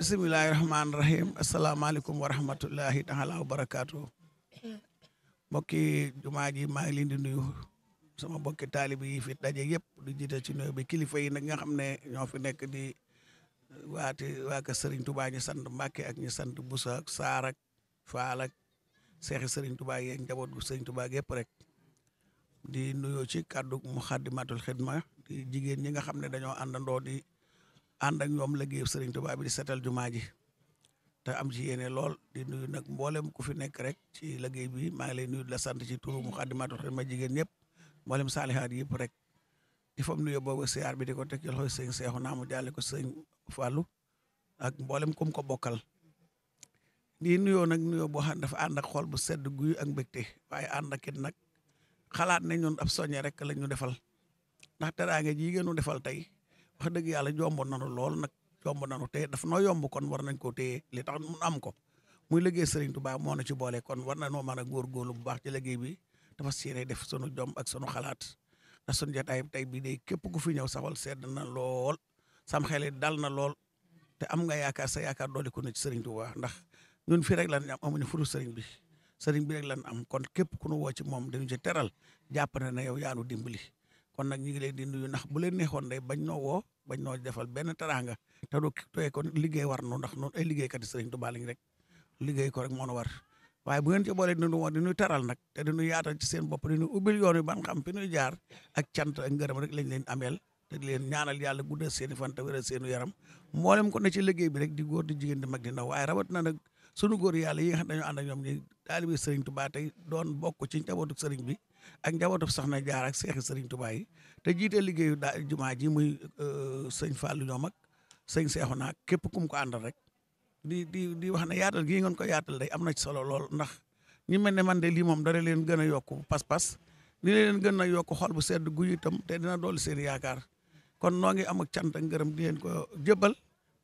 bisimilahi rahmaani rahim asalaamaaleykum wa rahmatullahi taala wa barakaatu mbokki jumaa ji maa ngi di nuyu sama mbokki taalibe yi fi daje yëpp di jiite ci nuyu bi kilifa yi nag nga xam ne ñoo fi nekk di waati waa ka Serigne Touba ñu sant Mbacke ak ñu sant Boussa ak Saar ak Faal ak seexi Serigne Touba yeeg njaboot gu Serigne Touba yëpp rek di nuyoo ci kàddu Muxaddamatul Xidma di jigéen ñi nga xam ne dañoo àndandoo di. ànd ak ñoom liggéey sëriñ Tuubaa bi di setal jumaa ji te am ci yéene lool di nuyu nag mboolem ku fi nekk rek ci liggéey bi maa ngi lay nuyu di la sant ci turu Muxaddamatul Xidma jigéen ñëpp mboolem saalihaat yëpp rek di fam nuyoo boobu siyaar bi di ko teg ci Seexu naa mu jàlle ko sëñ Fàllu ak mboolem kum ko bokkal lii nuyoo nag nuyoo boo xam ne dafa ànd ak xol bu sedd guy ak mbégte waaye ànd ak it nag xalaat ne ñun ab soññe rek la defal ndax teraange ji ngeen ñu defal tey wax dëgg yàlla jomb nanu lool nag jomb nanu te daf noo yomb kon war nañ koo téye li tax mu am ko muy liggéey Serigne Touba moo na ci boole kon war nañoo man a góorgóorlu bu baax ci liggéey bi dafa séenee def sunu jom ak sunu xalaat ndax sunu tey bii de képp ku fi ñëw saxol sedd na lool sam xel dal na lool te am nga yaakaar sa yaakaar doole ko na ci Serigne Touba ndax ñun fii rek lan am amuñu furu bi Serigne bi rek lan am kon képp ku nu woo ci moom dañu ci teral jàpp na ne yow yaa dimbali. kon nag ñu ngi leen di nuyu ndax bu leen neexoon day bañ noo woo bañ defal benn teraanga te du tooyee kon liggéey war nu ndax noonu ay liggéeykat yi Sëriñ Tuubaa lañ rek liggéey ko rek moo nu war waaye bu ngeen ci boole dinu woo diñuy taral nag te diñu yaatal ci seen bopp diñu ubbil yoon wi ban xam fi jaar ak cant ak ngërëm rek lañ leen ameel te di leen ñaanal yàlla guddal seen i fan te wéral seenu yaram mboolem ko ne ci liggéey bi rek di góor di jigéen di mag di ndaw waaye rawat na nag sunu góor yàlla yi nga xam dañoo ànd ak ñoom ñi taalibi Sëriñ Tuubaa tey doon bokk ci njabootu sëriñ bi ak sax na jaar ak seexi sëriñ Tuubaa yi te jiite liggéeyu daa jumaa ji muy euh, sëñ Fallou ñoom ak sëñ Seexu naa képp kum ko àndal rek di di di wax ne yaatal gii ngeen ko yaatal day am na ci solo lool ndax ñu mel ne man de lii moom dara leen gën a yokk pas-pas li leen gën a yokk xol bu sedd guy itam te dina dolli seen yaakaar kon noo ngi am ak cant ak ngërëm di leen ko jëbal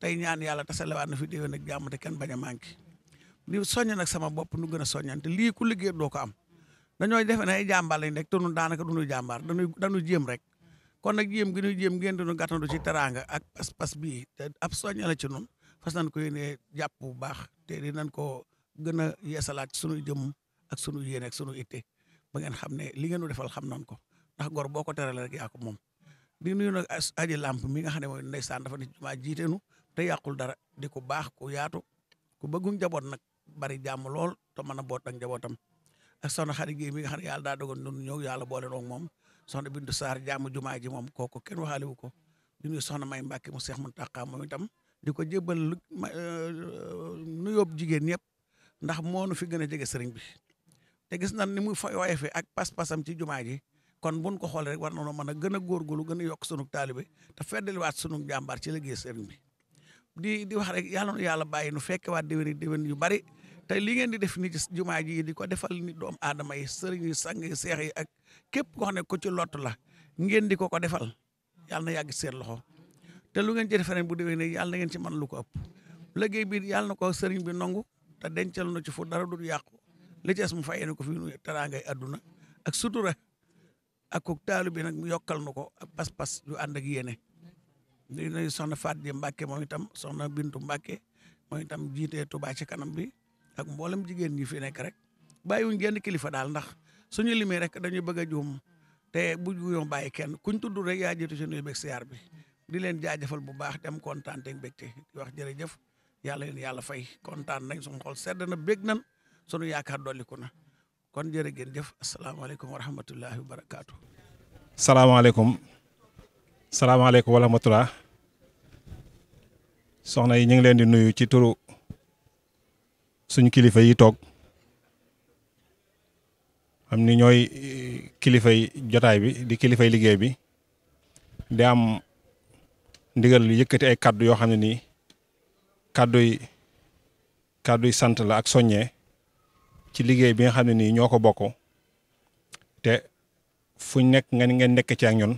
tey ñaan yàlla waan na fi déwén ak jàmm te kenn bañ a manqué di soññ nag sama bopp nu gën a soññante lii ku liggéey doo ko am. dañoo defe ne ay jàmbaar lañ rek te ñun daanaka jéem rek kon nag jéem gi ñuy jéem ngeen doon gàttandu ci teraanga ak pas-pas bii te ab soñña la ci nun fas nañ ko yéenee jàpp bu baax te dinañ ko gën a yeesalaat sunu jëm ak sunu yéene ak sunu itte ba ngeen xam ne li ngeen nu defal xam nañ ko nax gor boo ko terale rek yaa ko moom di nuyu nag aji lamp mi nga xam ne mooy ndeysaan dafa ne maa jiiteenu te yàqul dara di ko baax ku yaatu ku bëggum njaboot nag bari jàmm lool te mën a boot ak njabootam sono soxna Xadi Géey mi nga xam ne yàlla daa dogal nun ñëw yàlla boole noog moom soxna Bintu saar jaamu jumaa ji moom kooku kenn waxaale wu ko di nuyu soxna May Mbàkke mu Seex Muntaxa moom tam di ko jébbal lu euh, nuyoob jigéen ñëpp ndax moo nu fi gën a jege sëriñ bi te gis nañ ni muy waaye fi ak pas-pasam ci jumaa ji kon buñ ko xool rek war nañoo mën a gën a góorgóorlu gën a yokk sunu taalibe te feddaliwaat sunu jàmbaar ci liggéey sëriñ bi di di wax rek yàlla nu yàlla bàyyi nu fekke waat déwén déwén yu bari te li ngeen di def ni ci jumaa ji di ko defal ni doom aadama yi sëriñ yi sang yi seex yi ak képp koo ne ko ci lott la ngeen di ko ko defal yàlla na yàgg seen loxo te lu ngeen ci defaree ren bu déwénee yàlla na ngeen ci man lu ko ëpp liggéey biir yàlla na ko sëriñ bi nangu te dencal nu ci fu dara du yàqu li ci mu fayee ne ko fi nu teraangay adduna ak sutura ak ko taalibe bi nag mu yokkal nu ko ak pas-pas yu ànd ak yéene di nuyu soxna Faat ji Mbacke tam son soxna Bintu Mbacke moom itam jiite Touba ci kanam bi ak mboolem jigéen ñi fi nekk rek bàyyiwuñ genn kilifa daal ndax suñu limee rek dañuy bëgg a juum te bu ñu bàyyi kenn kuñ tudd rek yaa jiitu ci nuyu beeg siyaar bi di leen jaajëfal bu baax dem kontaan te mbégte di wax jërëjëf yàlla yàlla fay kontaan nañ suñu xol sedd na bég nan sunu yaakaar dolliku na kon jërë ngeen jëf asalaamaaleykum wa rahmatullahi wa barakaatu. salaamaaleykum. salaamaaleykum wa rahmatulah soxna yi ñu ngi leen di nuyu ci turu suñu kilifa yi toog am ni ñooy eh, kilifay jotaay bi di kilifay liggéey bi di am ndigal lu yëkkati ay kàddu yoo xam ne nii kàddu yi kàddu yi sant la ak soññee ci liggéey bi nga xam ne nii ñoo ko bokk te fuñ nekk nga ngeen nekk ci ak ñun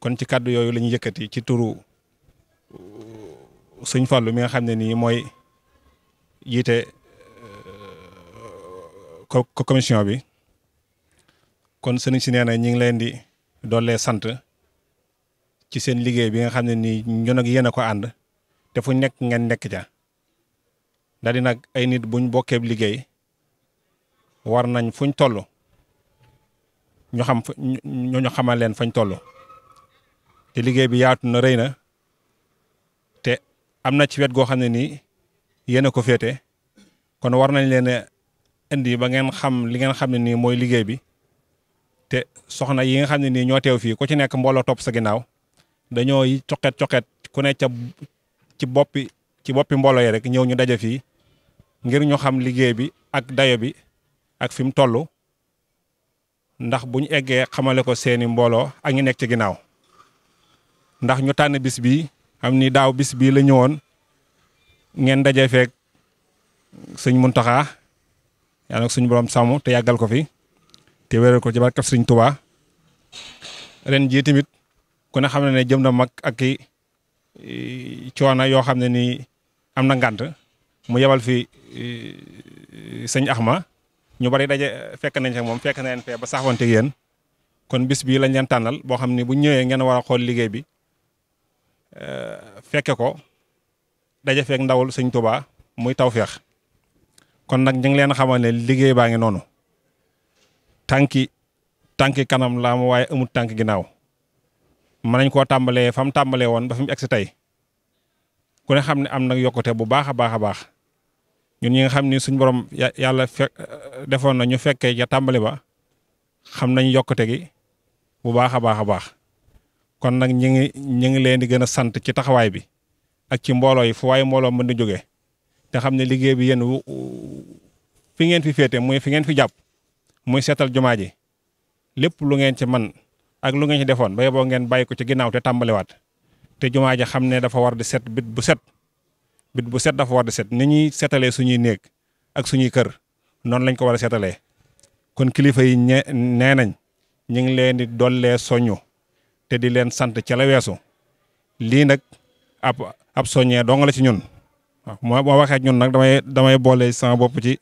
kon ci kàddu yooyu la ñu yëkkati ci turu uh, sëñ Fallou mi nga xam ne nii mooy jiite ko uh, commission bi kon sëriñ si nee na ñu ngi leen di doolee sant ci seen liggéey bi nga xam ne nii ñun ak yéen a ko ànd te fu nekk ngeen nekk ca daal nag ay nit buñ bokkeeb liggéey war nañ fuñ toll ñu xam ñu xamal leen fañ toll te liggéey bi yaatu na rey na te am na ci wet goo xam ne nii yéen ko féete kon war nañ leen indi ba ngeen xam li ngeen xam ne nii mooy liggéey bi te soxna yi nga xam ne nii ñoo teew fii ku ci nekk mbooloo topp sa ginnaaw dañoo coqet coqet ku ne ca ci boppi ci boppi mbooloo yi rek ñëw ñu daje fii ngir ñu xam liggéey bi ak dayo bi ak fi mu toll ndax bu ñu eggee xamale ko seeni mbooloo ak ñu nekk ci ginnaaw. ndax ñu tànn bis bii am ni daaw bis bii la ñëwoon ngeen daje feek sëñ Muntaxa yàlla nag suñ borom sàmm te yàggal ko fi te wéral ko ci barkab suñ Tuubaa ren jii tamit ku ne xam ne ne jëm na mag ak i coono yoo xam ne nii am na ngant mu yebal fi sëñ Axma ñu bari daje fekk nañ ak moom fekk na leen fee ba saxwanteeg yéen kon bis bii lañ leen tànnal boo xam ne bu ñëwee ngeen war xool liggéey bi Euh, fekke ko daje feek ndawul sëñ Tuubaa muy taw tawféex kon nag ñu ngi leen xamal ne liggéey baa ngi noonu tànki tànki kanam laa ma waaye amul tànk ginnaaw mën nañ koo tàmbalee fa tàmbalee woon ba fi mu egsi tey ku ne xam ne am nag yokkute bu baax a baax a baax ñun ñi nga xam ni suñ borom yàlla fekk euh, defoon na ñu fekkee ja tàmbali ba xam nañ yokkute gi bu baax a baax a baax kon nag ñi ngi ñi ngi leen di gën a sant ci taxawaay bi ak ci mbooloo yi fu mbooloo mën di jógee te xam ne liggéey bi yéen fi ngeen fi féete muy fi ngeen fi jàpp muy seetal jumaa ji lépp lu ngeen ci man ak lu ngeen ci defoon ba yeboo ngeen bàyyi ko ci ginnaaw te tàmbaliwaat te jumaa ji xam ne dafa war di set bit bu set bit bu set dafa war di set ni ñuy seetalee suñuy néeg ak suñuy kër noonu lañ ko war a seetalee kon kilifa yi ñe nee nañ ñu ngi leen di dollee soñu te di leen sant ca lii nag ab ab soññee dong la ci ñun waaw moo waxee ñun nag damay damay boole sama bopp ci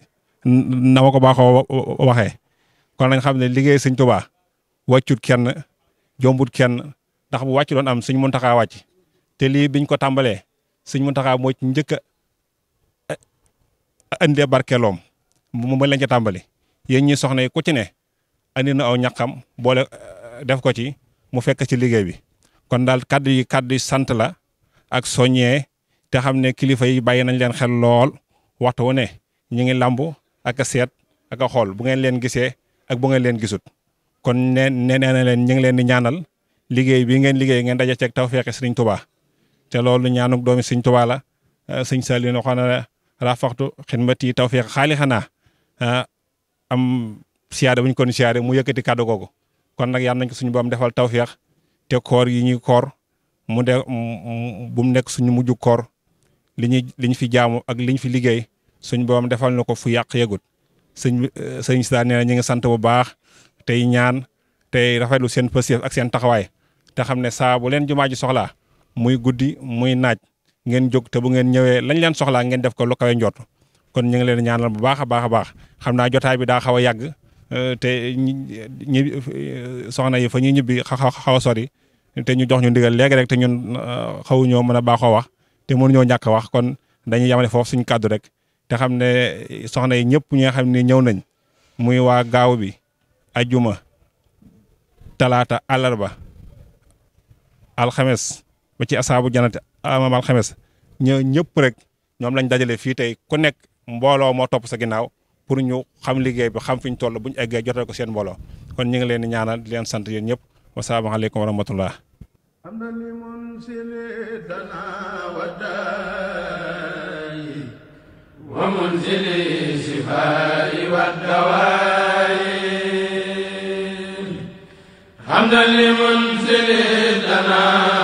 na ma ko baaxoo waxee kon nañ xam ne liggéey sëñ Tuubaa wàccut kenn jombut kenn ndax bu wàcc doon am sëñ taxaa wàcc te lii biñ ko tàmbalee sëñ Muntaxaa moo ci njëkk a indee barkeeloom mu ma leen ca tàmbali yéen ñi soxna yi ku andi na aw ñaqam boole def ko ci mu fekk ci liggéey bi kon daal kàddu yi kàddu yi sant la ak soññee te xam ne kilifa yi bàyyi nañ leen xel lool waxtu wu ne ñu ngi làmb ak a seet ak a xool bu ngeen leen gisee ak bu ngeen leen gisut kon nee nee na leen ñu ngi leen di ñaanal liggéey bi ngeen liggéey ngeen daje ceeg tawfeex Sëriñ Tuubaa te loolu ñaanuk doomi Sëriñ Tuubaa la ah, sëñ Saliou ne waxoon na rafaxtu xidmati tawfeex xaali xanaa ah, am siyaare bu ñu ko mu yëkkati kàddu googu kon nag yàlla nañ ko suñu boom defal tawféex te koor yi ñuy koor mu de bu mu nekk suñu mujj koor li ñuy li ñu fi jaamu ak li ñu fi liggéey suñu boom defal na ko fu yàq yegut sëñ eh, sëñ si nee na ñu ngi sant bu baax tey ñaan tey rafetlu seen pësiyëf ak seen taxawaay te xam ne saa bu leen jumaa ji soxlaa muy guddi muy naaj ngeen jóg te bu ngeen ñëwee lañ leen soxlaa ngeen def ko lu kawe njort kon ñu ngi leen ñaanal bu baax a baax a baax xam naa jotaay bi daa xaw a yàgg. Euh, te ñi soxna yi fa ñu ñibbi xaw a sori te ñu jox ñu ndigal léegi rek te ñun euh, xawuñoo mën a baaxoo wax te mënuñoo ñàkk wax kon dañuy yamale foofu suñu kàddu rek te xam ne soxna yi ñëpp ñi nga xam ne ñëw nañ muy waa gaaw bi a juma talaata àllarba alxames ba ci asaabu janat amam alxames ñëpp rek ñoom lañ dajale fii tey ku nekk mbooloo moo topp sa ginnaaw pour ñu xam liggéey bi xam fi ñu toll bu ñu eggee jotee ko seen mbooloo kon ñu ngi leen di ñaanal di leen sant yéen ñëpp wasalaamaaleykum wa rahmatullah ومنزل الشفاء والدواء حمدا لمنزل لنا